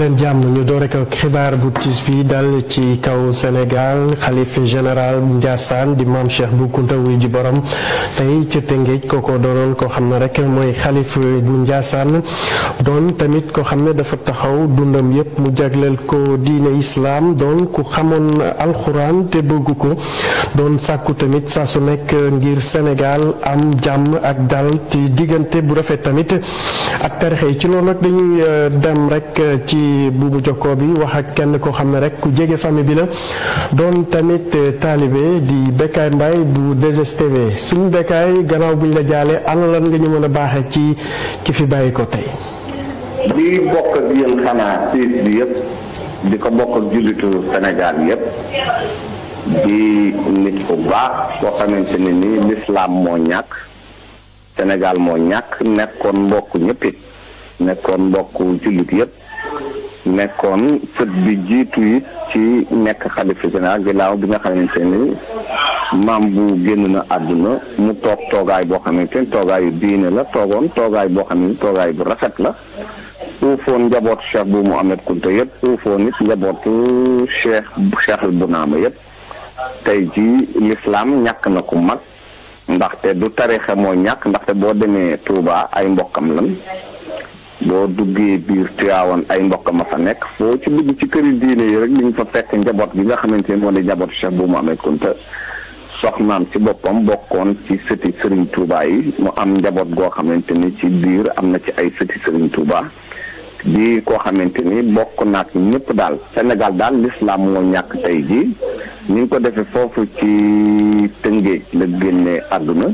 leen jàmm ñu door rek ak xibaar bu tiis bi dal ci kaw Sénégal xalif général Ndiassane di maam Cheikh bu Kunta wuy ji borom tey ci Tëngéej kooko doonoon ko xam ne rek mooy xalif bu Ndiassane doon tamit ko xam ne dafa taxaw dundam yépp mu jagleel ko diine islaam doon ku xamoon alxuraan te bëgg ko doon sàkku tamit saa su nekk ngir Sénégal am jàmm ak dal ci diggante bu rafet tamit ak tarixe yi ci loolu nag dañuy euh, dem rek euh, ci ci buubu jokkoo bi wax ak kenn koo xam ne rek ku jege famille bi la doon tamit euh, taalibe di Bécaye Mbaye bu 2STV suñu Bécaye gannaaw buñ la jaalee ana lan nga ñu mën a baaxee ci ki fi bàyyi ko tey. lii bokk ak yéen xanaa siis bi yëpp di ko bokk ak jullitu Sénégal yëpp di nit ku baax koo xamante ne lislaam moo ñàkk Sénégal moo ñàkk nekkoon mbokk ñëpp it nekkoon mbokk jullit yëpp nekkoon sët bi jiitu it ci nekk xalifa général ginnaaw bi nga xam xamante ni maam bu génn na àdduna mu toog toogaay boo xam ne ni toogaayu diine la toogoon toogaay boo xam ne toogaay bu rafet la uufoon njabootu cheikh bu Mouhamed Kounta yëpp uufoon it njabootu cheikh cheikhal Bunaama yëpp tey ji lislaam ñàkk na ku mag ndaxte du tarixa moo ñàkk ndaxte boo demee Touba ay mbokkam la boo duggee biir Tiwaawan ay mbokk ma fa nekk foo ci dugg ci këri diine yi rek li ñu fa fekk njaboot bi nga xamante ne moo di njabootu Cheikh Bou Mouhamed Kounta soxnaam ci boppam bokkoon ci sëti Serigne Touba yi mu am njaboot goo xamante ni ci biir am na ci ay sëti Serigne Touba di koo xamante ni bokk naat ak ñëpp daal Sénégal daal l'islam moo ñàkk tey jii ni ñu ko defee foofu ci Tëngéej la génnee àdduna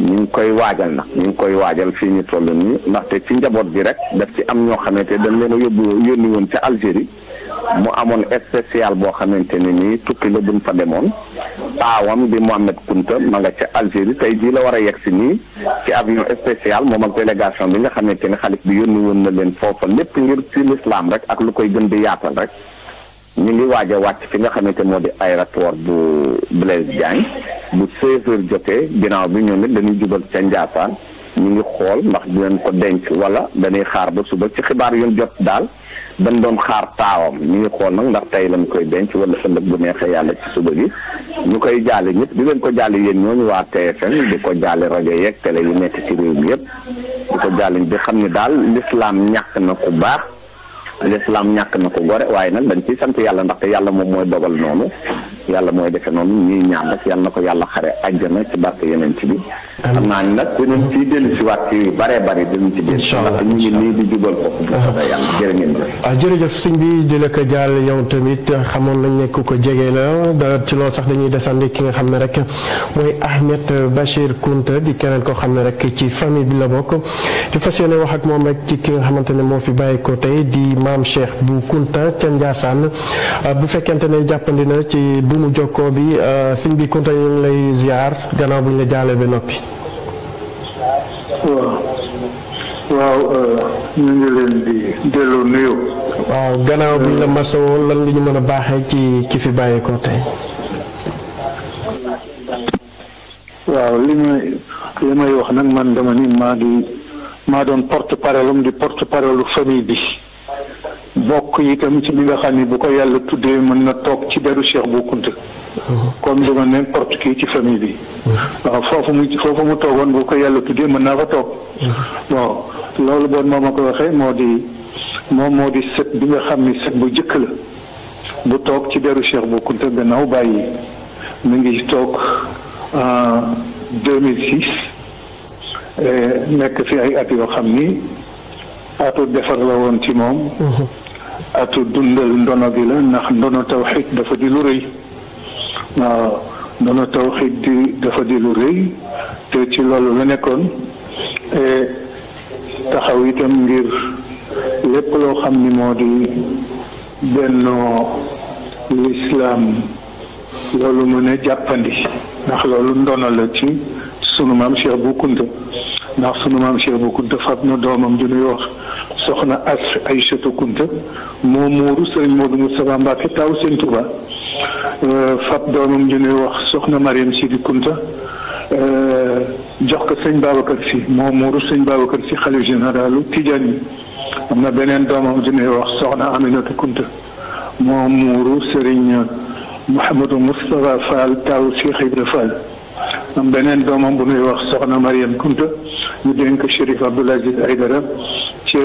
ñu ngi koy waajal nag ñu ngi koy waajal fii ñu toll nii ndaxte ci njaboot bi rek daf ci am ñoo xamante dañ leen a yóbbu yónni woon ca Algérie mu amoon spécial boo xamante ne nii tukki la buñ fa demoon taawam di Mohamed Kounta ma nga ca Algérie tey jii la war a yegg si nii ci avion spécial moom ak délégation bi nga xamante ne xalif bi yónni woon na leen foofa lépp ngir ci lislaam rek ak lu koy gën di yaatal rek ñu ngi waaj a wàcc fi nga xamante moo di aéroport bu Blaise Diagne bu 16 jotee ginnaaw bi ñoom it dañuy jubal seen Njaasaan ñu ngi xool ndax dinañ ko denc wala dañuy xaar ba suba ci xibaar yu jot daal dañ doon xaar taawam ñu ngi xool nag ndax tey lañ koy denc wala ëllëg bu neexee yàlla ci suba gi ñu koy jaale ñëpp di leen ko jaale yéen ñooñu waa TFM di ko jaale rajo yeeg télé yu nekk ci réew mi yëpp di ko jaale di xam ni daal l'islam ñàkk na ku baax l'islam ñàkk na ku gore waaye nag dañ ciy sant yàlla ndaxte yàlla moom mooy dogal noonu yàlla mooy defe noonu ñuy ñaan rek yàlla na ko yàlla xare àjjana ci barke yeneen ci bi xam naa ni nag dinañ ciy dellu si waat yu bare bare dinañ ci dellu si ndax ñu ngi nii di jubal ko bu soobee yàlla jërë ngeen jëf jërëjëf sëñ bi di la ko jaal yow tamit xamoon nañ ne ku ko jege la da ci loolu sax dañuy desandi ki nga xam ne rek mooy Ahmed Bachir Kounta di keneen koo xam ne rek ci famille bi la bokk di fas yéene wax ak moom rek ci ki nga xamante ne moo fi bàyyi ko tey di maam Cheikh bu Kounta ca Ndiassane bu fekkente ne jàppandi na ci buumu jokkoo bi euh, sëñ bi Kunta ñu ngi lay ziar gannaaw bu ñu la jaalee ba noppi. waaw waaw euh, ñu ngi leen di delloo nuyu. waaw gannaaw bi ñu la masawoo lan nga ñu mën a baaxee ci ci fi bàyyeekoo tey. waaw li may li may wax nag man dama ni maa di maa doon porte parole am di porte parole famille bi. bokk itam ci li nga xam ni bu ko yàlla tuddee mën na toog ci deru Cheikh Bou Kounta kon du ma n'importe qui ci famille bi waaw foofu mu foofu mu toogoon bu ko yàlla tuddee mën naa fa toog bon loolu bon moo ma ko waxee moo di moom moo di set bi nga xam ni set bu jëkk la bu toog ci deru Cheikh Bou Kounta gannaaw bàyyi mi ngi toog en 2006 nekk fi ay at yoo xam ni atu defar la woon ci moom atu dundal ndono bi la ndax ndono tawxiid dafa di lu rëy waaw ndono tawxiid di dafa di lu rëy te ci loolu la nekkoon e taxaw itam ngir lépp loo xam ni moo di bennoo lislaam loolu mu ne jàppandi ndax loolu ndono la ci sunu maam Cheikh bu Kounta ndax sunu maam Cheikh Bou Kounta fab na doomam ju ñuy wax سخنا أس أيشة كنت مومورو سرين مود مصطفى مباكي تاو سين توبا فاب دونم جنوي وخ سخنا مريم سيدي كنت جوخ سين بابا كرسي مومورو سين بابا كرسي خالي جنرالو تيجاني أما بنين دونم جنوي سخنا أمينة كنت مومورو سرين محمد مصطفى فال تاو سيخي فال أما بنين دونم جنوي سخنا مريم كنت يدينك الشريف عبد العزيز عيدرام ci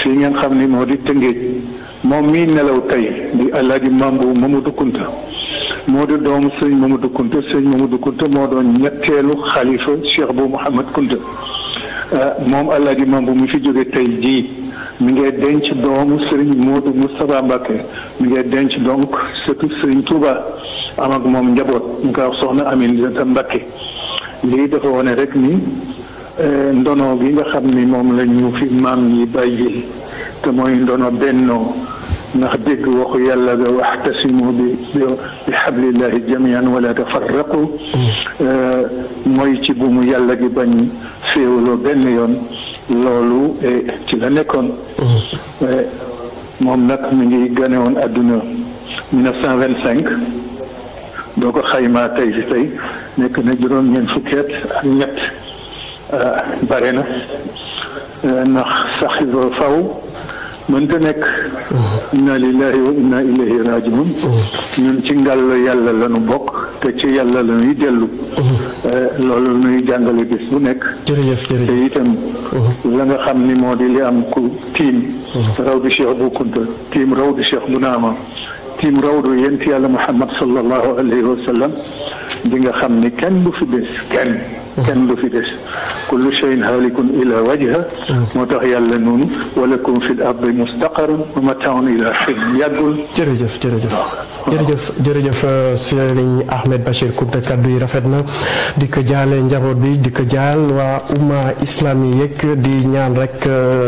fii ngeen xam ni moo di Tëngéej moom mii nelaw tey di alaaji Mambu Mamadou Kunta moo di doomu sëñ Mamadou Kunta sëñ Mamadou Kunta moo doon ñetteelu xalifa Cheikh bu Mouhamad Kunta euh, moom alaaji Mambu mu fi jóge tey jii mi ngay denc doomu sëriñ Modou Moustapha Mbacke mi ngay denc donc sëtu sëriñ Touba am moom njaboot ñu koy wax soxna Amin dina tam Mbacke lii dafa wane rek ni Eh, ndono bi nga xam ni moom la ñu fi maam yi bàyyi te mooy ndono bennoo ndax dégg waxu yàlla ga waxtasimu bi bi xablillahi jamian wala tafarraqu mm. eh, mooy ci bu mu yàlla gi bañ féewaloo benn yoon loolu eh, ci la nekkoon mm. moom nag mi ngi gane woon àdduna 1925 doo ko xaymaa tey si tey nekk na juróom-ñeent fukki at ak ñett barenas ndax saxiba faw mënta nekk inna lillahi wa inna ilayhi rajiun ñun ci ngal yàlla la nu bokk te ci yàlla la nuy dellu loolu nuy jàngale bis bu nekk jërëjëf jërëjëf te itam la nga xam ni moo di li am ku tiim raw di cheikh bu kunta tiim raw di cheikh bu naama tiim raw yent yàlla muhammad sallallahu alayhi wa di nga xam kenn du fi des kenn كان في دش كل شيء هالك الى وجهه متهيا للنون ولكم في الارض مستقر ومتاع الى حين يقول جرجف جرجف جرجف جرجف سيرين احمد بشير كنت كادوي رافتنا ديك جال نجابو دي ديك جال وا اسلامي يك دي نيان رك